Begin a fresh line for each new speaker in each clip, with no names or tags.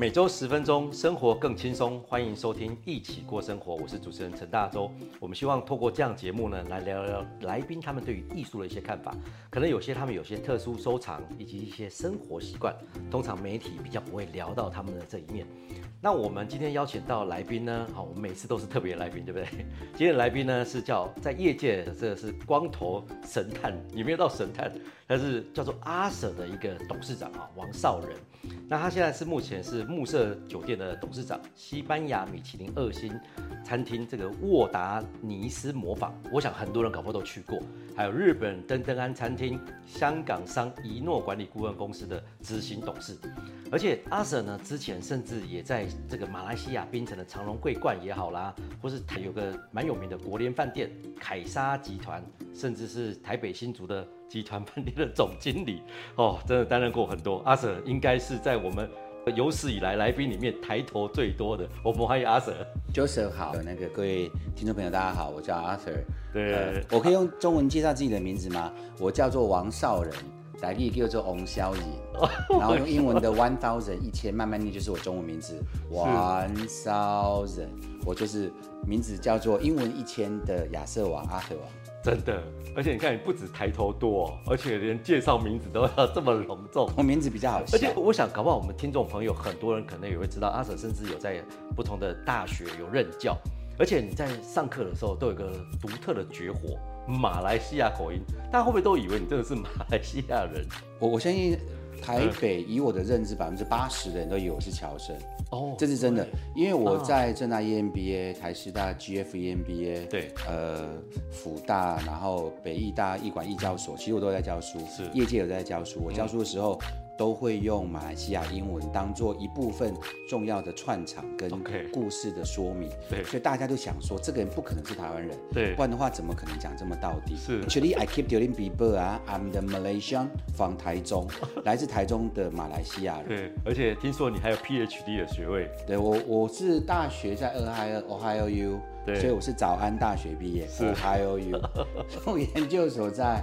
每週十分鐘，生活更輕鬆。歡迎收聽《一起過生活》，我是主持人陳大洲。我們希望透過這樣節目呢，來聊聊來賓他們對於藝術的一些看法。可能有些他們有些特殊收藏，以及一些生活習慣，通常媒體比較不會聊到他們的這一面。那我們今天邀請到來賓呢？好，我們每次都是特別來賓，對不對？今天的來賓呢是叫在業界的這是光頭神探，有沒有到神探？他是叫做阿舍的一個董事長啊，王劭仁。那他現在是目前是。慕舍酒店的董事長，西班牙米其林二星餐廳這個渥達尼斯磨坊，我想很多人搞不好都去過。還有日本燈燈庵餐廳、香港商一諾管理顧問公司的執行董事，而且阿 Sir 呢，之前甚至也在這個馬來西亞檳城的長隆桂冠也好啦，或是還有個蠻有名的國聯飯店凱撒集團，甚至是台北新竹的集團飯店的總經理哦，真的擔任過很多。阿 Sir 應該是在我們有史以來來賓裡面抬頭最多的，我們歡迎 Arthur。
Joseph 好，那個各位聽眾朋友大家好，我叫 Arthur。對，呃、我可以用中文介紹自己的名字嗎？我叫做王劭仁，台譯也叫做王小仁
，oh、然後用英文的
One Thousand 一千，慢慢念就是我中文名字 One Thousand，是我就是名字叫做英文一千的亞瑟王 Arthur 王。
真的，而且你看，你不止抬頭多，而且連介紹名字都要這麼隆重。我名字比較好笑，而且我想，搞不好我們聽眾朋友很多人可能也會知道，阿、啊、嬸甚至有在不同的大學有任教，而且你在上課的時候都有一個獨特的絕活——馬來西亞口音，大家會不會都以為你真的是馬來西亞人？我我相信。台北，
以我的認知80，百分之八十的人都以為我是僑生。哦，oh, 這是真的，以因為我在政大 EMBA、uh. 台師大 GFEMBA，對，呃，輔大，然後北藝大藝管、藝教所，其實我都有在教書，是，業界有在教書，我教書的時候。嗯都會用馬來西亞英文當做一部分重要的串場跟故事的說明，okay. 對，所以大家就想說這個人不可能是台灣人，對，不然的話怎麼可能講這麼道地？是 Actually, I keep telling people 啊，I'm the Malaysian，from 台中， 來自台中的馬來西亞
人，對，而且聽說你還有 PhD 的學位，對我我是大學在、
Ohio, Ohio Ohio U，對，所以我是早安大學畢業是，Ohio U，我 研究所在。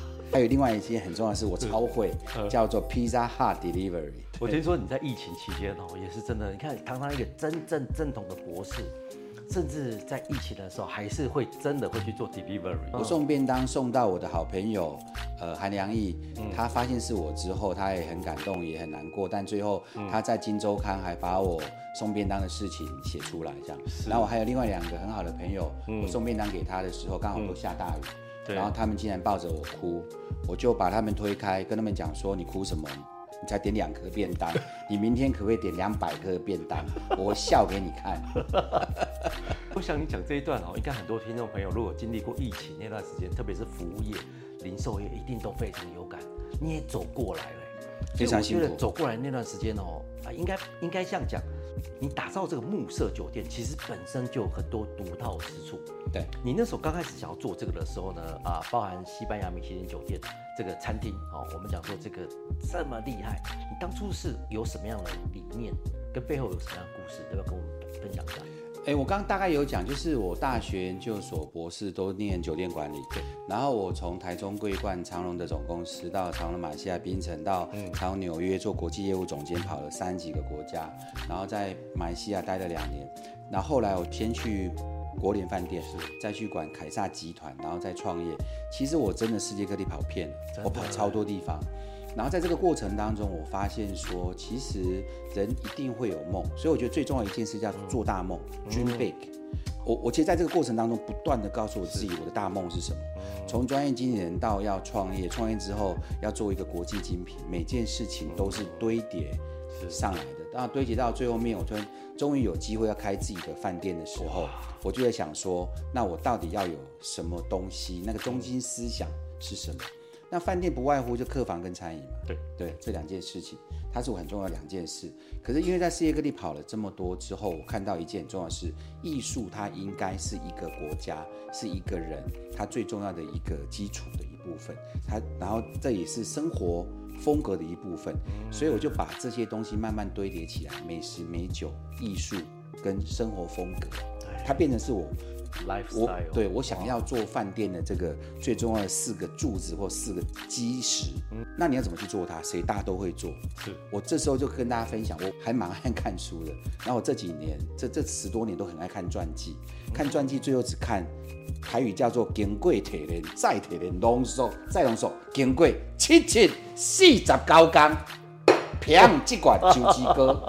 還有另外一件很重要的是，我超會，嗯、叫做 Pizza
Hut Delivery。我聽說你在疫情期間哦、喔，也是真的，你看，堂堂一個真正正統的博士，甚至在疫情的時候，還是會真的會去做 Delivery，嗯、我送
便當送到我的好朋友，呃，韓良義，嗯、他發現是我之後，他也很感動，也很難過，但最後他在《鏡週刊》還把我送便當的事情寫出來，這樣。是然後我還有另外兩個很好的朋友，嗯、我送便當給他的時候，剛好都下大雨。嗯嗯然後他們竟然抱着我哭，我就把他們推開，跟他們講說：“你哭什麼？你才點兩顆便當，你明天可不可以點兩百顆便當？我笑給你看。”
我想你講這一段哦，應該很多聽眾朋友如果經歷過疫情那段時間，特別是服務業、零售業，一定都非常有感。你也走過來了，
非常辛苦。走過
來那段時間哦，啊，應該應該這樣講。你打造這個慕舍酒店，其實本身就有很多獨到之處。對，你那時候剛開始想要做這個的時候呢，啊，包含西班牙米其林酒店這個餐廳，哦，我們講說這個這麼厲害，你當初是有什麼樣的理念，跟背後有什麼樣的故事，都要跟我們分享一下？
哎，我剛剛大概有講，就是我大學研究所博士都念酒店管理，對，然後我從台中桂冠長榮的總公司到長榮馬來西亞檳城，到長榮紐約做國際業務總監，跑了三幾個國家，然後在馬來西亞待了兩年，然後後來我先去國聯飯店，是再去管凱撒集團，然後再創業。其實我真的世界各地跑遍，我跑超多地方。然後在這個過程當中，我發現說，其實人一定會有夢，所以我覺得最重要一件事叫做大夢，dream big、嗯。我我其實在這個過程當中，不斷的告訴我自己，我的大夢是什麼？嗯、從專業經理人到要創業，創業之後要做一個國際精品，每件事情都是堆疊上來的。當是堆疊到最後面，我終終於有機會要開自己的飯店的時候，哇我就在想說，那我到底要有什麼東西？那個中心思想是什麼？那飯店不外乎就客房跟餐飲嘛。對對，這兩件事情，它是我很重要的兩件事。可是因為在世界各地跑了這麼多之後，我看到一件很重要的事：藝術，它應該是一個國家，是一個人，它最重要的一個基礎的一部分。它，然後這也是生活風格的一部分。所以我就把這些東西慢慢堆疊起來，美食、美酒、藝術跟生活風格，它變成是我。Life style, 我對我想要做飯店的這個最重要的四個柱子或四個基石，嗯、那你要怎麼去做它？誰大家都會做。是我這時候就跟大家分享，我還蠻愛看書的。然後我這幾年，這這十多年都很愛看傳記，嗯、看傳記最後只看台語叫做《金貴鐵人再鐵人濃縮再濃縮》，經貴七七四十九天，平幾管九支歌，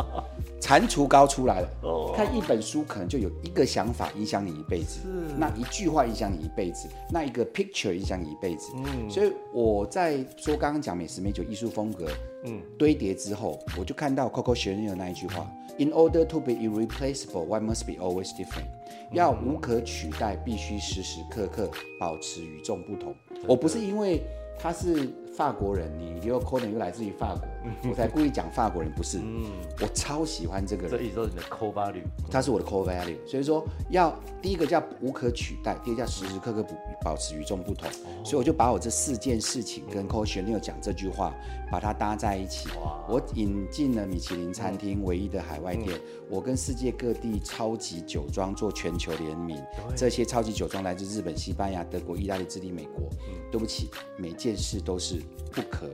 蟾蜍膏出來了。哦看一本書，可能就有一個想法影響你一輩子；是那一句話影響你一輩子；那一個 picture 影響你一輩子。嗯、所以我在說剛剛講美食美酒藝術風格，嗯，堆疊之後，嗯、我就看到 Coco Chanel 的那一句話：In order to be irreplaceable, one must be always different。嗯、要無可取代，必須時時刻刻保持與眾不同。的我不是因為他是。法國人，你又扣能又來自於法國，我才故意講法國人不是。嗯，我超喜歡這個人。這一週你的 core value，他是我的 core value。所以說，要第一個叫無可取代，第二叫時時刻刻不保持與眾不同。所以我就把我這四件事情跟 Coco Chanel 講這句話，把它搭在一起。我引進了米其林餐廳唯一的海外店，我跟世界各地超級酒莊做全球聯名。這些超級酒莊來自日本、西班牙、德國、意大利、智利、美國。對不起，每件事都是。不可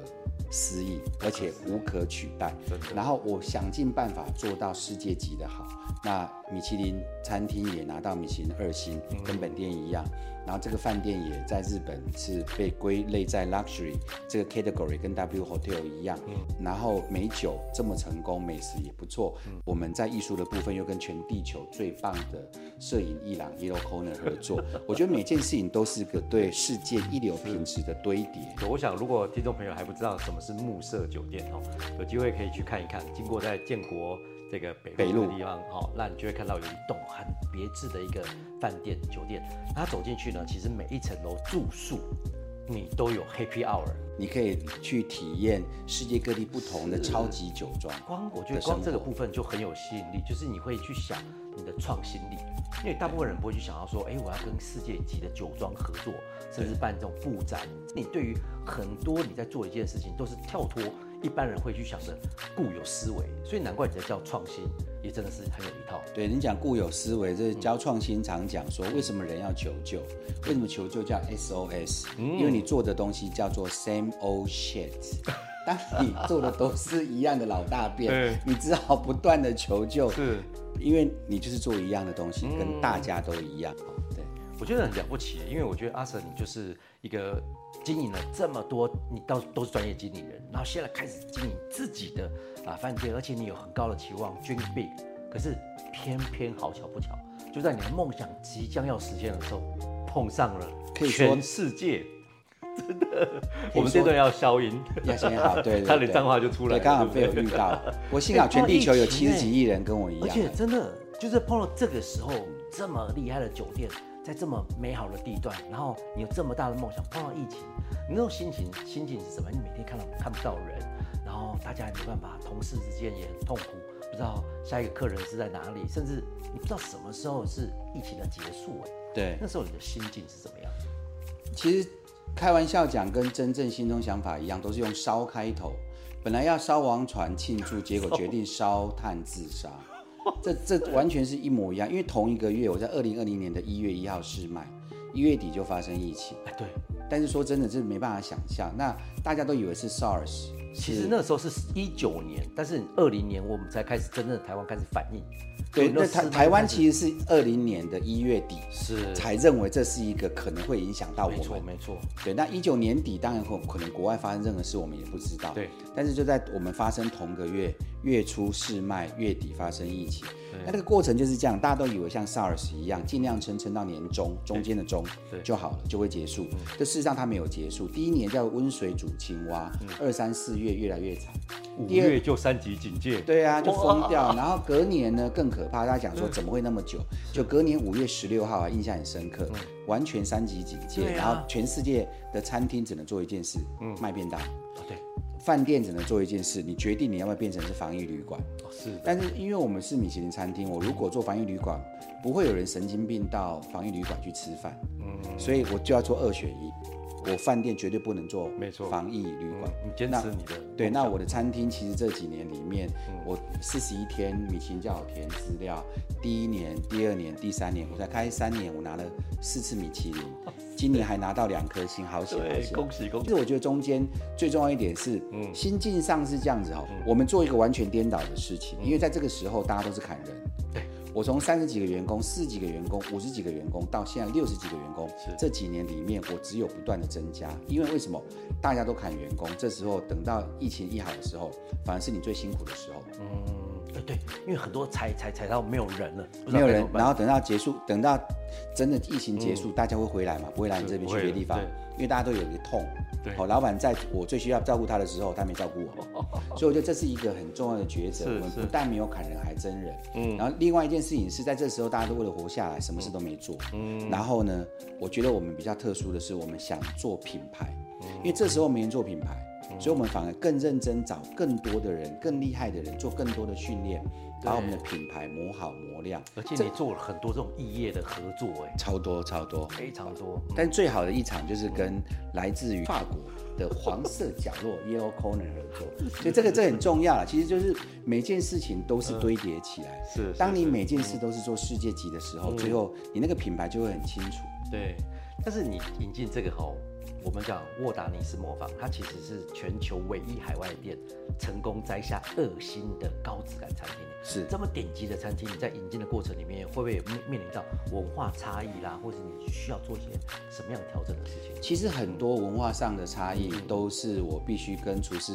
思議，而且無可取代。然後，我想盡辦法做到世界級的好。那米其林餐廳也拿到米其林二星，跟本店一樣。然後這個飯店也在日本是被歸類在 luxury 這個 category，跟 W Hotel 一樣。然後美酒這麼成功，美食也不錯。嗯、我們在藝術的部分又跟全地球最棒的攝影藝廊 Yellow Corner 合作。我覺得每件事情都是個對世
界一流品質的堆疊。嗯嗯、我想如果聽眾朋友還不知道什麼是慕舍酒店哦、喔，有機會可以去看一看。經過在建國。這個北路的地方，好北路、哦，那你就會看到有一棟很別緻的一個飯店酒店。那走進去呢，其實每一層樓住宿，你都有 Happy Hour，你可以去體驗世界各地不同的超級酒莊是是。光我覺得光這個部分就很有吸引力，就是你會去想你的創新力，因為大部分人不會去想到說，哎，我要跟世界級的酒莊合作，甚至辦這種布展。對，你對於很多你在做一件事情，都是跳脫。一般人會去想著固有思維，所以難怪你在叫創新也真的是很有一套。對，你講固有
思維，這是教創新常講說，為什麼人要求救？為什麼求救叫 SOS？、嗯、因為你做的東西叫做 Same old shit，當你做的都是一樣的老大便， 你只好不斷的求救。是，因為你就是做一
樣的東西，嗯、跟大家都一樣。對，我覺得很了不起，因為我覺得阿瑟，你就是一個。經營了這麼多，你到都是專業經理人，然後現在開始經營自己的啊飯店，而且你有很高的期望，dream big，可是偏偏好巧不巧，就在你的夢想即將要實現的時候，碰上了全世界，真的，我們這段要消音。要消音。好，對，對，對，差點髒話就出來了。了。剛好被我遇到，我幸好全地球有七十幾億
人跟我一樣。而且
真的，就是碰到這個時候這麼厲害的酒店。在這麼美好的地段，然後你有這麼大的夢想，碰到疫情，你那種心情心境是什麼？你每天看到看不到人，然後大家也沒辦法，同事之間也很痛苦，不知道下一個客人是在哪裡，甚至你不知道什麼時候是疫情的結束。哎，對，那時候你的心境是怎麼樣？其
實開玩笑講跟真正心中想法一樣，都是用燒開頭。本來要燒王船慶祝，結果決定燒炭自殺。 這這完全是一模一樣，因為同一個月，我在二零二零年的一月一號試賣，一月底就發生疫情。哎，對。
但是說真的，是沒辦法想象。那大家都以為是 SARS，其實那時候是一九年，但是二零年我們才開始真正的台灣開始反應。對，那對台台灣其
實是二零年的一月底是才認為這是一個可能會影響到我們。沒錯，沒錯。對，那一九年底當然可能國外發生任何事我們也不知道。對。但是就在我們發生同個月。月初試賣，月底發生疫情，那這個過程就是這樣，大家都以為像 SARS 一樣，盡量撐撐到年中，中間的中就好了，就會結束。這事實上它沒有結束，第一年叫溫水煮青蛙，二三四月越來越慘，五月就
三級警戒，對啊，就瘋掉。然
後隔年呢更可怕，大家講說怎麼會那麼久？就隔年五月十六號啊，印象很深刻，完全三級警戒，然後全世界的餐廳只能做一件事，賣便當。對。飯店只能做一件事，你決定你要不要變成是防疫旅館。
是的，
但是因為我們是米其林餐廳，我如果做防疫旅館，不會有人神經病到防疫旅館去吃飯。嗯，所以我就要做二選一。我飯店絕對不能做，沒錯，防疫旅館，嗯。你堅持你的，對，那我的餐廳其實這幾年裡面，嗯、我四十一天米其林叫我填資料，第一年、第二年、第三年，我才開三年，我拿了四次米其林，啊、今年還拿到兩顆星，對好險！對，恭喜恭喜！其實我覺得中間最重要一點是，心境、嗯、上是這樣子哦。嗯、我們做一個完全顛倒的事情，嗯、因為在這個時候大家都是砍人。對我從三十幾個員工、四十幾個員工、五十幾個員工，到現在六十幾個員工，是這幾年裡面我只有不斷的增加，因為為什麼大家都砍員工？這時候等到疫情一好的時候，反而是你最辛苦的時候。嗯。
哎，對，因為很多裁裁裁到沒有人了，沒有人，然後
等到結束，等到真的疫情結束，大家會回來嘛？不會來你這邊去別的地方，因為大家都有一個痛。對，我老板在我最需要照顧他的時候，他沒照顧我，所以我覺得這是一個很重要的抉擇。是，是。我們不但沒有砍人，還增人。嗯。然後另外一件事情是，在這時候大家都為了活下來，什麼事都沒做。嗯。然後呢，我覺得我們比較特殊的是，我們想做品牌，因為這時候沒人做品牌。所以，我們反而更認真找更多的人，更厲害的人做更多的訓練，把我們的品牌磨好、磨亮。對這而且，你做了很多這種異業的合作，哎，超多、超多，非常多。嗯、但最好的一場就是跟來自於法國的黃色角落 （Yellow Corner） 合作，所以這個這很重要啊，其實就是每件事情都是堆疊起來。嗯、是，當你每件事都是做世界級的時候，嗯、最後你那個品牌就會很清楚。
對，但是你引進這個吼。我們講渥達尼斯磨坊，它其實是全球唯一海外店成功摘下二星的高質感餐廳。是這麼頂級的餐廳，你在引進的過程裡面，會不會面面臨到文化差異啦，或是你需要做些什麼樣的調整的事情？其實
很多文化上的差異，都是我必須跟廚師，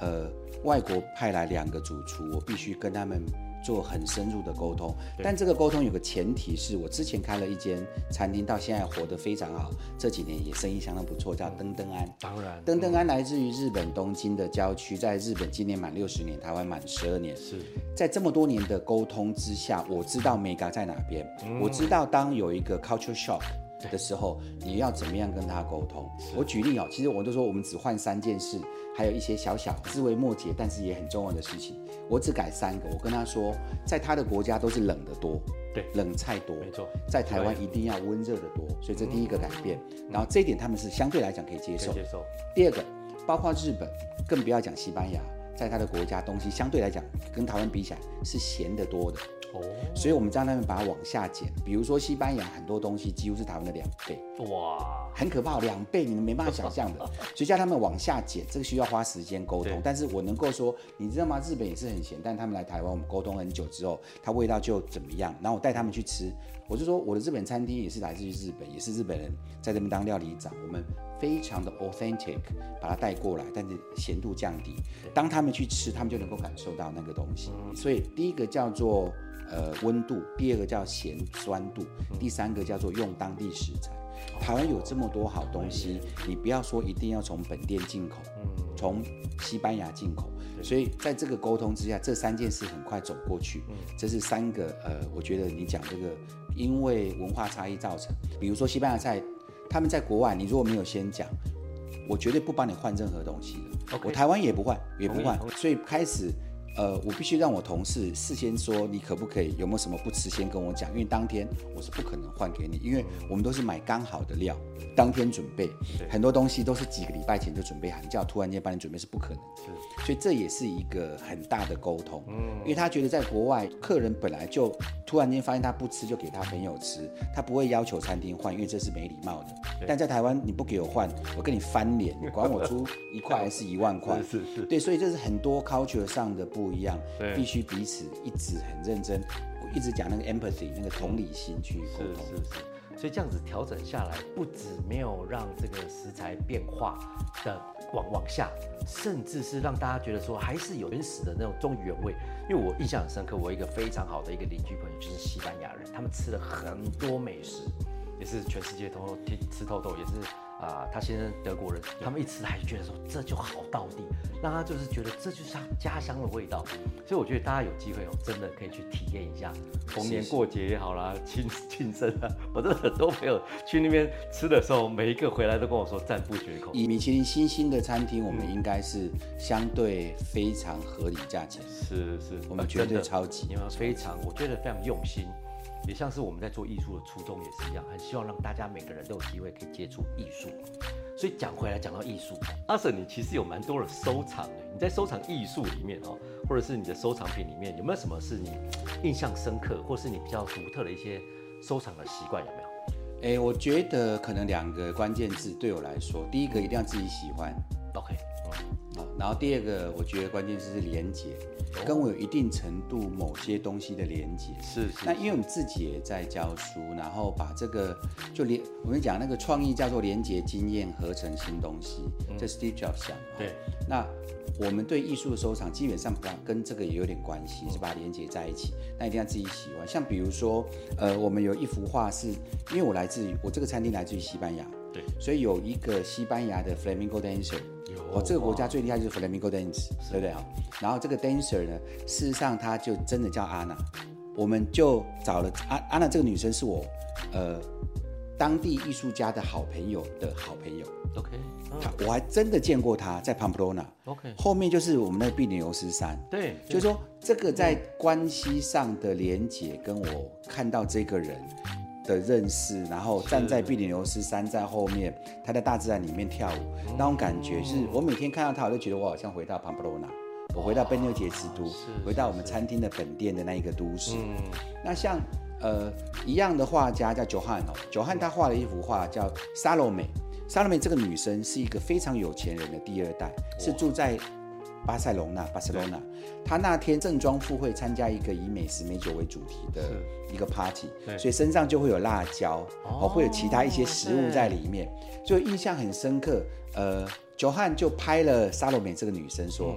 呃，外國派來兩個主廚，我必須跟他們。做很深入的溝通，對但這個溝通有個前提是我之前開了一間餐廳，到現在活得非常好，這幾年也生意相當不錯，叫燈燈庵。嗯。當然，燈燈庵來自於日本東京的郊區，在日本今年滿六十年，台灣滿十二年。是在這麼多年的溝通之下，我知道 mega 在哪邊，嗯，我知道當有一個 culture shock 對的時候，你要怎麼樣跟他溝通？是我舉例哦、喔，其實我就說我們只換三件事，還有一些小小枝微末節，但是也很重要的事情，我只改三個。我跟他說，在他的國家都是冷得多，對，冷菜多，沒錯錯，在台灣一定要溫熱得多，所以，所以這第一個改變。嗯、然後這一點他們是相對來講可以接受。接受。第二個，包括日本，更不要講西班牙，在他的國家東西相對來講跟台灣比起來是鹹得多的。哦， 所以我們叫他們把它往下減，比如說西班牙很多東西幾乎是台灣的兩倍，
哇，
很可怕，兩倍你們沒辦法想象的 所以叫他們往下減，這個需要花時間溝通。對但是我能夠說，你知道嗎？日本也是很鹹，但他們來台灣，我們溝通很久之後，它味道就怎麼樣，然後我帶他們去吃。我就說我的日本餐廳也是來自於日本，也是日本人在這邊當料理長，我們非常的 authentic 把它帶過來，但是鹹度降低。當他們去吃，他們就能夠感受到那個東西。所以第一個叫做呃溫度，第二個叫鹹酸度，第三個叫做用當地食材。台灣有這麼多好東西，你不要說一定要從本店進口，從西班牙進口。所以在這個溝通之下，這三件事很快走過去。這是三個呃，我覺得你講這個。因為文化差異造成，比如說西班牙菜，他們在國外，你如果沒有先講，我絕對不幫你換任何東西的。我台灣也不換，也不換。所以開始，呃，我必須讓我同事事先說，你可不可以、有沒有什麼不吃先跟我講，因為當天我是不可能換給你，因為我們都是買剛好的料。當天準備是很多東西都是幾個禮拜前就準備好，你叫突然間幫你準備是不可能的，是所以這也是一個很大的溝通。嗯，因為他覺得在國外客人本來就突然間發現他不吃就給他朋友吃，他不會要求餐廳換，因為這是沒禮貌的。是但在台灣你不給我換，我跟你翻臉，你管我出一塊還是一萬塊？是是。對，所以這是很多 culture 上的不一樣，是必須彼此一直很認真，一直講那個 empathy 那個
同理心是去溝通。是是是所以這樣子調整下來，不只沒有讓這個食材變化的往往下，甚至是讓大家覺得說還是有原始的那種中原味。因為我印象很深刻，我一個非常好的一個鄰居朋友就是西班牙人，他們吃了很多美食，也是全世界都吃吃透透，也是。啊，他先生德國人，他們一吃還覺得說，這就好道地，讓他就是覺得這就像家鄉的味道。所以我覺得大家有機會哦，真的可以去體驗一下，逢年過節也好啦，慶慶是生啊，我這個很多朋友去那邊吃的時候，每一個回來都跟我說讚不絕口。以米其
林星星的餐廳，嗯、我們應該是相對非常合
理價錢，是是，是我們絕對超級，超級，呃、非常，我覺得非常用心。也像是我們在做藝術的初衷也是一樣，很希望讓大家每個人都有機會可以接觸藝術。所以講回來講到藝術，Arthur，你其實有蠻多的收藏，你在收藏藝術裡面哦，或者是你的收藏品裡面，有沒有什麼是你印象深刻，或是你比較獨特的一些收藏的習慣？有沒有、欸？我覺得可能兩個關鍵字對我來
說，第一個一定要自己喜歡，OK，okay。好，然後第二個我覺得關鍵字是連結。跟我有一定程度某些東西的連接，是是,是。那因為我們自己也在教書，然後把這個就連我們講那個創意叫做連接經驗合成新東西，嗯、這是 Steve Jobs 想。對、哦。那我們對藝術的收藏基本上跟跟這個也有點關係，是把它連接在一起。那一定要自己喜歡。像比如說，呃，我們有一幅畫是因為我來自於我這個餐廳來自於西班牙，對。所以有一個西班牙的 flamenco dancer。我、哦哦、這個國家最厲害就是 Flamenco dance，哇對不對啊？是然後這個 dancer 呢，事實上她就真的叫 Anna。我們就找了安娜這個女生是我，呃，當地藝術家的好朋友的好朋友。
OK，她、啊、
我還真的見過她在 Pamplona Okay。OK，後面就是我們那個庇里牛斯山。對，就是說這個在關係上的連結，跟我看到這個人的認識，然後站在庇里牛斯山在後面，他在大自然裡面跳舞，那種感覺是我每天看到他，我就覺得我好像回到潘普洛納，我回到奔牛節之都，回到我們餐廳的本店的那一個都市。那像呃一樣的畫家叫約翰哦，約翰他畫了一幅畫叫莎羅美，莎羅美這個女生是一個非常有錢人的第二代，是住在。巴塞隆那，巴塞隆納，他那天正裝赴會參加一個以美食美酒為主題的一個 party，對，所以身上就會有辣椒，哦，oh, 會有其他一些食物在裡面，所以對印象很深刻。呃，久漢就拍了沙洛美這個女生，說：“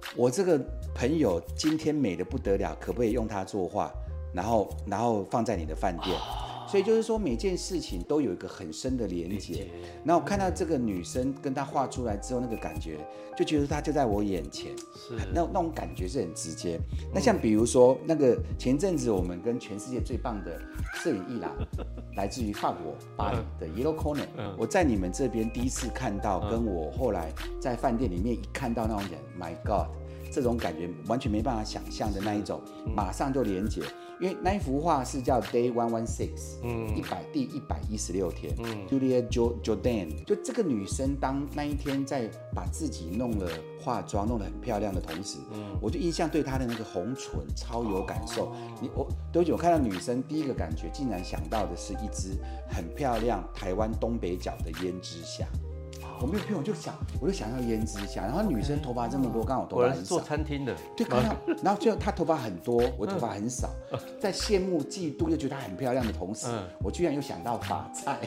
對我這個朋友今天美得不得了，可不可以用她作畫，然後然後放在你的飯店？” oh. 所以就是說，每件事情都有一個很深的連接。連接，然後看到這個女生跟她畫出來之後，嗯、那個感覺就覺得她就在我眼前，是那那種感覺是很直接。嗯、那像比如說那個前陣子我們跟全世界最棒的攝影藝廊， 來自於法國巴黎的 Yellow Corner，、嗯、我在你們這邊第一次看到，嗯、跟我後來在飯店裡面一看到那種人、嗯、，My God，這種感覺完全沒辦法想象的那一種，嗯、馬上就連接。因為那一幅畫是叫 Day One One Six，嗯，一百，第一百一十六天，嗯，Julia Jo Jordan，就這個女生當那一天在把自己弄了化妝，弄得很漂亮的同時，嗯，我就印象對她的那個紅唇超有感受。哦，你，哦，我多久看到女生第一個感覺，竟然想到的是一隻很漂亮台灣東北角的胭脂蝦。我沒有騙，我就想，我就想要胭脂香。然後女生頭髮這麼多，剛好我頭髮很少。是做
餐廳的。對，剛好。
然後最後她頭髮很多，我頭髮很少，嗯、在羨慕嫉妒又覺得她很漂亮的同時，嗯、我居然又想到髮菜。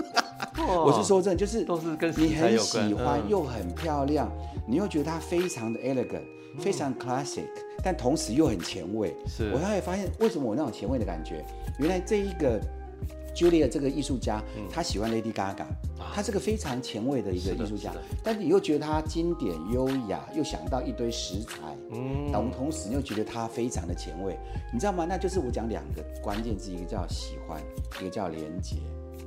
哦、
我是說
真的，就是都是跟你很喜歡、嗯、又很漂亮，你又覺得她非常的 elegant、嗯、非常 classic，但同時又很前衛。是我後來發現，為什麼我那種前衛的感覺，原來這一個。Julia 這個藝術家，他、嗯、喜歡 Lady Gaga，他、啊、是個非常前衛的一個藝術家，是是但是你又覺得他經典優雅，又想到一堆食材，嗯，同同時又覺得他非常的前衛，你知道嗎？那就是我講兩個關鍵字，一個叫
喜歡，一個叫連結，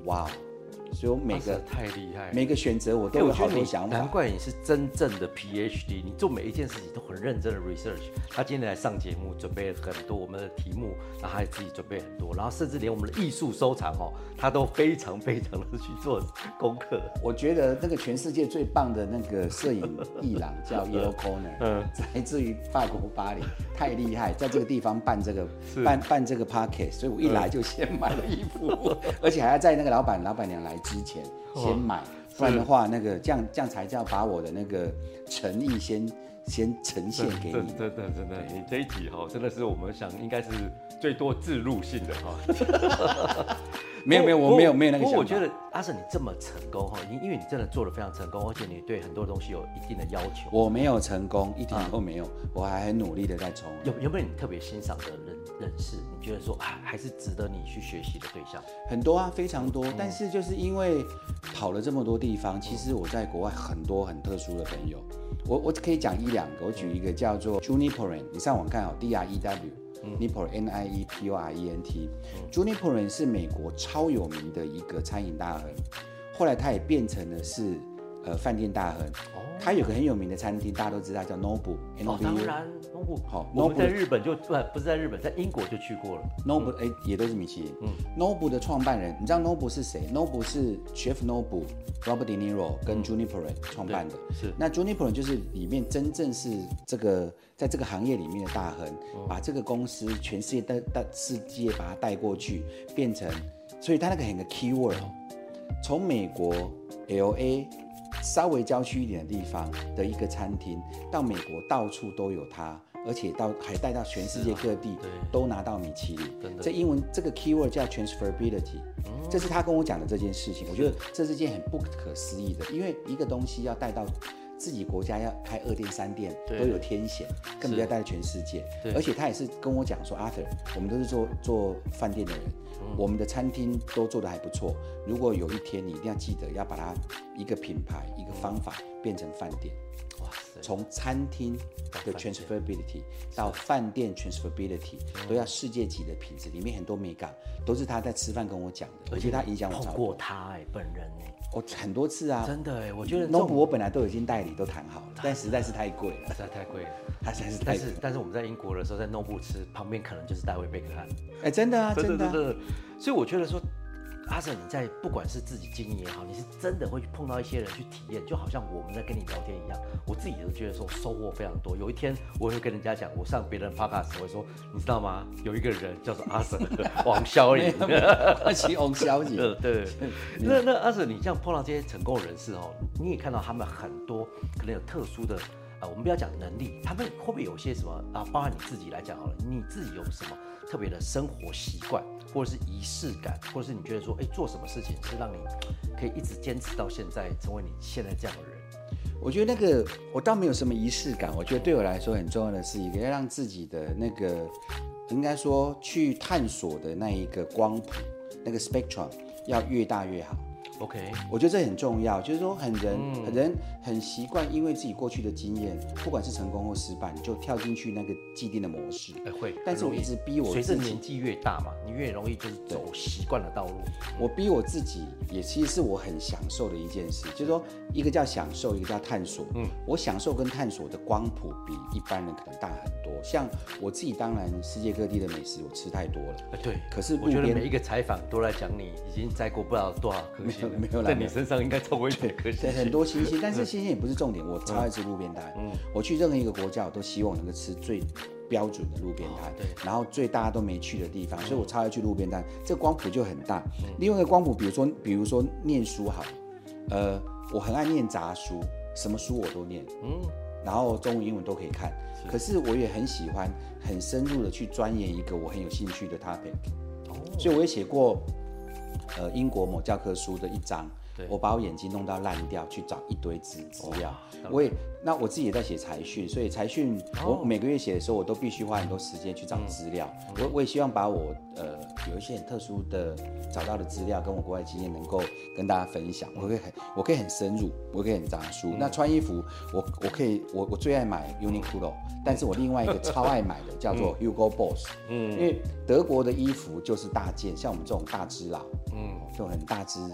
哇、wow。所以我每個、啊、太厲害，每個選擇我都有、欸、我好多想法。難怪你是真正的 PhD，你做每一件事情都很認真的 research、啊。他今天來上節目，準備了很多我們的題目，然後他還自己準備很多，然後甚至連我們的藝術收藏哦、喔，他都非常非常的去做功課。我覺得
那個全世界最棒的那個攝影藝廊 叫 Yellow Corner，嗯，來自於法國巴黎，太厲害，在這個地方辦這個是辦辦這個 Podcast，所以我一來就先、嗯、買了一幅， 而且還要載那個老板老板娘來。之前先買，哦、不然的話，那個這樣是這樣才叫把我的那個誠意先先呈現給你。
真的真的，對你這一集哈，真的是我們想應該是最多自入性的哈。 欸、沒有沒有，我沒有我沒有那個。我，我，我覺得阿盛你這麼成功哈，因因為你真的做得非常成功，而且你對很多東西有一定的要求。
我沒有成功、嗯、一點都沒有，我還很努力的在衝。有
有沒有你特別欣賞的人？人士，你覺得說啊，還是值得你去
學習的對象很多啊，非常多。但是就是因為跑了這麼多地方，其實我在國外很多很特殊的朋友，我我可以講一兩個。我舉一個叫做 Nieporent，你上網看哦、喔、D R E W，N、嗯、I E P O R E N T，Nieporent、嗯、是美國超有名的一個餐飲大亨，後來他也變成了是。呃，飯店大亨，他，oh, 有個很有名的餐廳，大家都知道叫 Nobu，哦，當然，Nobu。好，在日
本就不，
嗯、不是在日本，在英國就去過了。Nobu 誒、嗯欸，也都是米奇。嗯，Nobu 的創辦人，你知道 Nobu 是誰？Nobu 是 Chef Nobu Robert De Niro 跟 Juniper 創、嗯、辦的。是。那 Juniper 就是裡面真正是這個在這個行業裡面的大亨，哦，把這個公司全世界帶帶世界把它帶過去，變成，所以他那個很個 keyword，從美國 LA。稍微郊區一點的地方的一個餐廳，到美國到處都有它，而且到還帶到全世界各地，都拿到米其林。這英文這個 keyword 叫 transferability，這是他跟我講的這件事情。我覺得這是件很不可思議的，因為一個東西要帶到。自己國家要開二店三店都有天險，更不要帶在全世界。而且他也是跟我講說，Arthur，我們都是做做飯店的人，我們的餐廳都做得還不錯。如果有一天你一定要記得，要把它一個品牌、一個方法變成飯店。哇塞！從餐廳的 transferability 到飯店 transferability，都要世界級的品質。裡面很多美感都是他在吃飯跟我講的，而且他影響我超過他
哎本人
哎。我、哦、很多次啊，真的
哎，我覺得諾布、no、
我本來都已經代理都談好了，太但實
在是太貴了，實在太貴了，它實在是太貴。但是但是我們在英國的時候，在諾、no、布吃旁邊可能就是大衛貝克漢，哎、欸，真的啊，真的真、啊、的，所以我覺得說。Arthur，你在不管是自己經營也好，你是真的會碰到一些人去體驗，就好像我們在跟你聊天一樣，我自己都覺得說收穫非常多。有一天我會跟人家講，我上別人 Podcast 時我會說，你知道嗎？有一個人叫做 Arthur， 王劭仁，秦 王劭仁， 對。 那那 Arthur，你像碰到這些成功人士哦，你也看到他們很多可能有特殊的。啊，我們不要講能力，他們會不會有些什麼啊？包含你自己來講好了，你自己有什麼特別的生活習慣，或者是儀式感，或者是你覺得說，哎、欸，做什麼事情是讓你可以一直堅持到現在，成為你現在這樣的人？
我覺得那個我倒沒有什麼儀式感，我覺得對我來說很重要的是一個，要讓自己的那個應該說去探索的那一個光譜，那個 spectrum 要越大越好。OK，我覺得這很重要，就是說很人，很人很習慣，因為自己過去的經驗，嗯、不管是成功或失敗，就跳進去那個既定的模式。哎、欸，會，但是我一直逼我自己，隨着年
紀越大嘛，你越容易就是
走習慣對了道路。嗯、我逼我自己，也其實是我很享受的一件事，就是說一個叫享受，一個叫探索。嗯，我享受跟探索的光譜比一般人可能大很多。像我自己，當然世界各地的美食我吃太多了。
欸、對，可是我覺得每一個採訪都來講，你已經摘過不知道多少顆星。嗯嗯沒有在你身上應該超過一點，對，很多星星，但是星
星也不是重點。我超愛吃路邊攤，嗯，我去任何一個國家，我都希望能夠吃最標準的路邊攤，對，然後最大家都沒去的地方，所以我超愛去路邊攤，這光譜就很大。另外一個光譜，比如說，比如說念書好，呃，我很愛念雜書，什麼書我都念，嗯，然後中文、英文都可以看，可是我也很喜歡很深入地去鑽研一個我很有興趣的 topic，哦，所以我也寫過。呃，英國某教科書的一章。我把我眼睛弄到爛掉去找一堆資料，我也那我自己也在寫財訊，所以財訊我每個月寫的時候，我都必須花很多時間去找資料。我我也希望把我呃有一些很特殊的找到的資料，跟我國外經驗能夠跟大家分享。我可以很我可以很深入，我可以很紮實。那穿衣服，我我可以我我最愛買 Uniqlo，但是我另外一個超愛買的叫做 Hugo Boss，嗯，因為德國的衣服就是大件，像我們這種大只佬，嗯，就很大只很。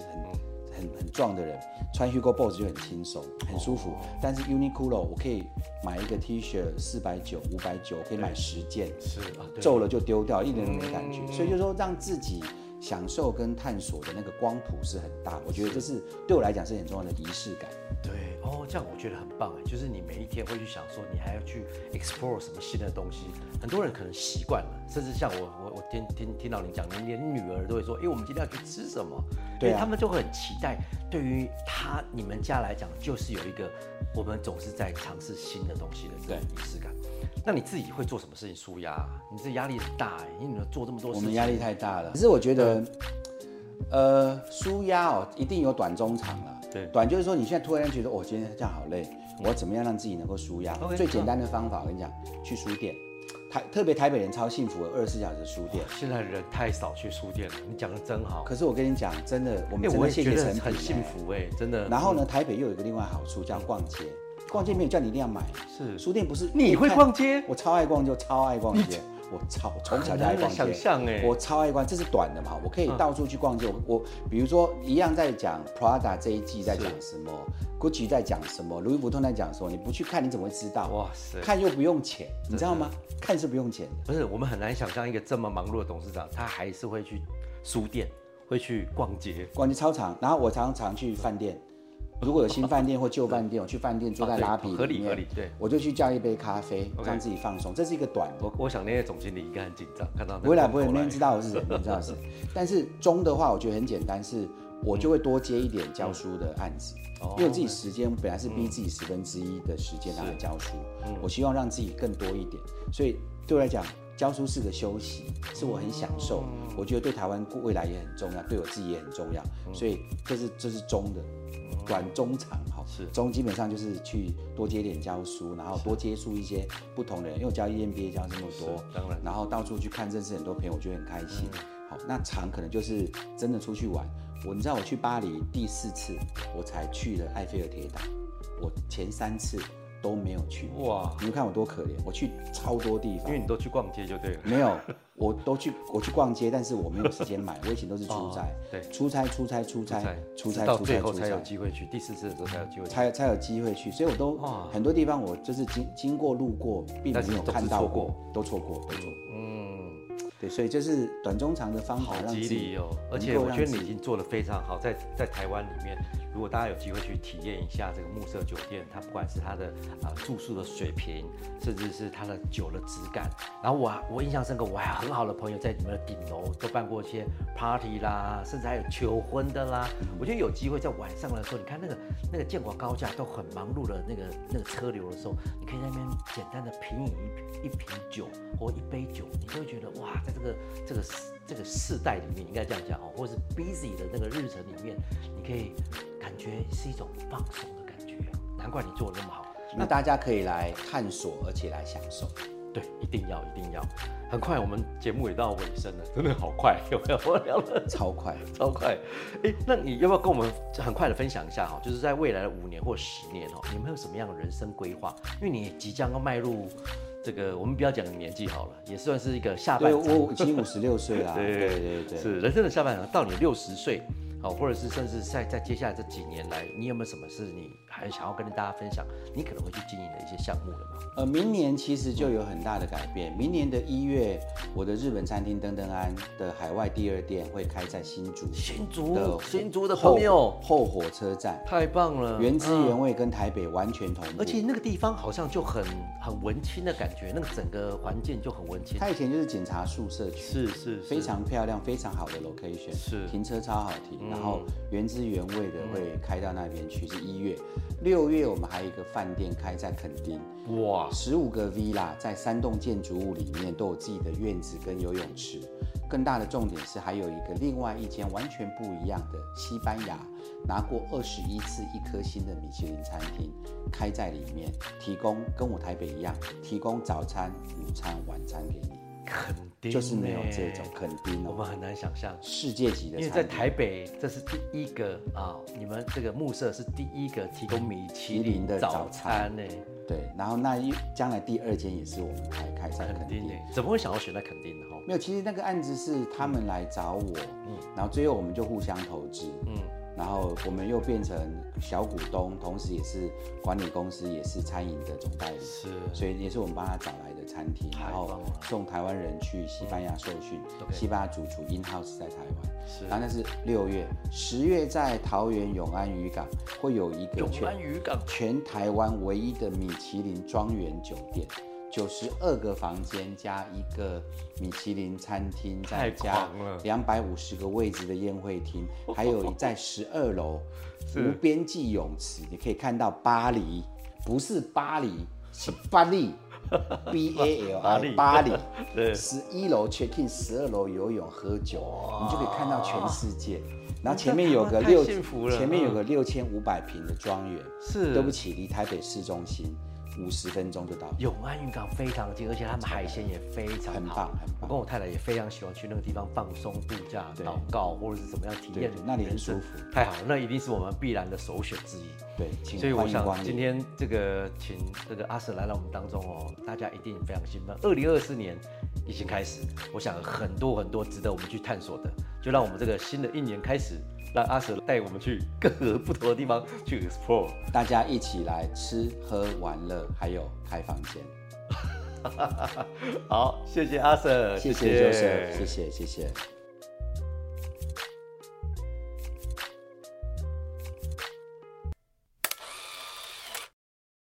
很很壯的人穿 Hugo Boss 就很輕鬆，很舒服。哦哦哦，但是 Uniqlo 我可以買一個 T 恤四百九、五百九，可以買十件，是吧，啊？皺了就丟掉，一點都沒感覺。嗯、所以就是說，讓自己享受跟探索的那個光譜是很大，是我覺得這是對我來講是很重要的儀式感。
對。哦，這樣我覺得很棒哎，就是你每一天會去想說，你還要去 explore 什麼新的東西。很多人可能習慣了，甚至像我，我，我聽，聽，聽到你講，連女兒都會說，欸，我們今天要去吃什麼？對，他們就會很期待。對於他，你們家來講，就是有一個我們總是在嘗試新的東西的這種儀式感。對。那你自己會做什麼事情舒壓啊？你這壓力很大哎，因為你有有做這麼多事情，我們壓力太大了。可是我覺得，
呃，舒壓哦，一定有短、中、長了。對短就是說，你現在突然間覺得，我、哦、今天這樣好累，我怎麼樣讓自己能夠舒壓？嗯、最簡單的方法，嗯、我跟你講，去書店。
台特別台北
人超幸福的二十四小時書店、
哦。現在人太少去書店了，你講的真好。可是我跟你講，真的，我們真的謝謝成、欸欸、覺得很幸福哎、欸，真的。然後呢，台北
又有一個另外好處叫逛街。嗯逛街沒有叫你一定要買，是書店不是？你會逛街？我超愛逛街，超愛逛街。我超，從小就愛逛街。很難想象誒，我超愛逛，這是短的嘛？我可以到處去逛街。我比如說，一樣在講 Prada 這一季在講什麼，GUCCI 在講什麼，Louis Vuitton 在講什麼。你不去看你怎麼會知道？哇塞，看又不用錢，你知道嗎？
看是不用錢的。不是，我們很難想象一個這麼忙碌的董事長，他還是會去書店，會去逛街。逛街超長，然後我常常去飯店。如果有新
飯店或舊飯店，我去飯店坐在拉皮裡面，合理，合理，對，我就去叫一杯咖啡，讓自己放鬆。這是一個短
的。我想那些總經理應該很緊張，看到未來不會沒人知道我是誰，你知道是。
但是中的話，我覺得很簡單，是我就會多接一點教書的案子，因為我自己時間本來是逼自己十分之一的時間拿來教書，我希望讓自己更多一點。所以對我來講，教書是個休息，是我很享受，我覺得對台灣未來也很重要，對我自己也很重要。所以這是這是中的。管中長好，是中基本上就是去多接點教書，是然後多接觸一些不同的人，因為我教 EMBA 教這麼多，當然，然後到處去看，認識很多朋友，我覺得很開心。嗯、好，那長可能就是真的出去玩。我你知道我去巴黎第四次，我才去了埃菲爾鐵塔，我前三次，都沒有去哇！你們看我多可憐，我去超
多地方。因為你都去逛街就對了？沒
有，我都去，我去逛街，但是我沒有時間買，我以前都是出差，對，
出差、出差、出差、出差，到最後才有機會去，第四次的時候才有機會，才、
才有機會去，所以我都很多地方我就是經、經過、路過，並沒有看到過，都錯過，都錯過，嗯。對，所以就是短中長的方法，好激勵哦！而且我覺得你已
經做得非常好，在在台灣裡面，如果大家有機會去體驗一下這個慕舍酒店，它不管是它的啊住宿的水平，甚至是它的酒的質感，然後我我印象深刻，哇，很好的朋友在你們的頂樓都辦過一些 party 啦，甚至還有求婚的啦。我覺得有機會在晚上的時候，你看那個那個建國高架都很忙碌的那個那個車流的時候，你可以在那邊簡單的品飲一一瓶酒或一杯酒，你就會覺得哇！在這個這個這個世代裡面，應該這樣講哦，或是 busy 的那個日程裡面，你可以感覺是一種放鬆的感覺。難怪你做的那麼好，那大家可以來探索，而且來享受。對，一定要一定要。很快我們節目也到尾聲了，真的好快，有沒有？超快， 超快。欸，那你要不要跟我們很快的分享一下哈？就是在未來的五年或十年哦，你們有，有什麼樣的人生規劃？因為你即將要邁入。這個我們不要講年紀好了，也算是一個下半場。我已經五十六歲了， 對對
對對，是人生
的下半場，到你六十歲。好，或者是甚至在在接下來這幾年來，你有沒有什麼事你還想要跟大家分享，你可能會去經營的一些項目了
嗎？呃，明年其實就有很大的改變。嗯、明年的一月，我的日本餐廳燈燈庵的海外第二店會
開在新竹，新竹的後面，後火車站，太棒了，原汁原味跟台北完全同，啊，而且那個地方好像就很很文青的感覺，是那個整個環境就很文青。它以前就是警察宿舍區，是是，非常漂亮，非常好的
location，是停車超好停。然後原汁原味的會開到那邊去，是一月、六月，我們還有一個飯店開在墾丁，哇，十五個 Villa，在三棟建築物裡面都有自己的院子跟游泳池。更大的重點是，還有一個另外一間完全不一樣的西班牙，拿過二十一次一顆星的米其林餐廳，開在裡面，提供跟我台北一樣，提供早餐、
午餐、晚餐給你。就是沒有這種墾丁，哦，我們很難想象世界級的。因為在台北，這是第一個啊、哦，你們這個慕舍是第一個提供米其林，早林的早餐呢。欸、
對，然後那一將來第二間也是我們台開丁，上墾丁，欸、怎麼會想到選在墾丁呢？沒有，其實那個案子是他們來找我，嗯、然後最後我們就互相投資，嗯、然後我們又變成小股東，同時也是管理公司，也是餐飲的總代理，是，所以也是我們幫他找來。餐廳，然後送台灣人去西班牙受訓，嗯、西班牙主廚 in house 是在台灣，是然後那是六月，十月在桃園永安漁港會有一個永安漁港全台灣唯一的米其林莊園酒店，九十二個房間加一個米其林餐廳，太狂了，再加兩百五十個位置的宴會廳，還有在十二樓無邊際泳池，是你可以看到巴黎，不是巴黎，是巴黎。 B A L I 八里，十一樓 check in，十二樓游泳喝酒，你就可以看到全世界。然後前面有個六，前面有個六千五百平的莊園，是，對不起，離台北市中心。五十分鐘就到。
永安漁港非常近，而且他們海鮮也非常棒。很棒，很棒。我跟我太太也非常喜歡去那個地方放鬆、度假、對禱告，或者是怎麼樣體驗。那裡很舒服。太好了，那一定是我們必然的首選之一。對，請。所以我想今天這個請這個 Arthur 來到我們當中哦，大家一定非常興奮。二零二四年已經開始，對我想很多很多值得我們去探索的，就讓我們這個新的一年開始。讓阿 Sir，帶我們去各個不同的地方去 explore，大家一起來吃喝玩樂，還有開房間。 好，謝謝阿 Sir< 謝>謝，謝謝周嬸，謝謝謝謝。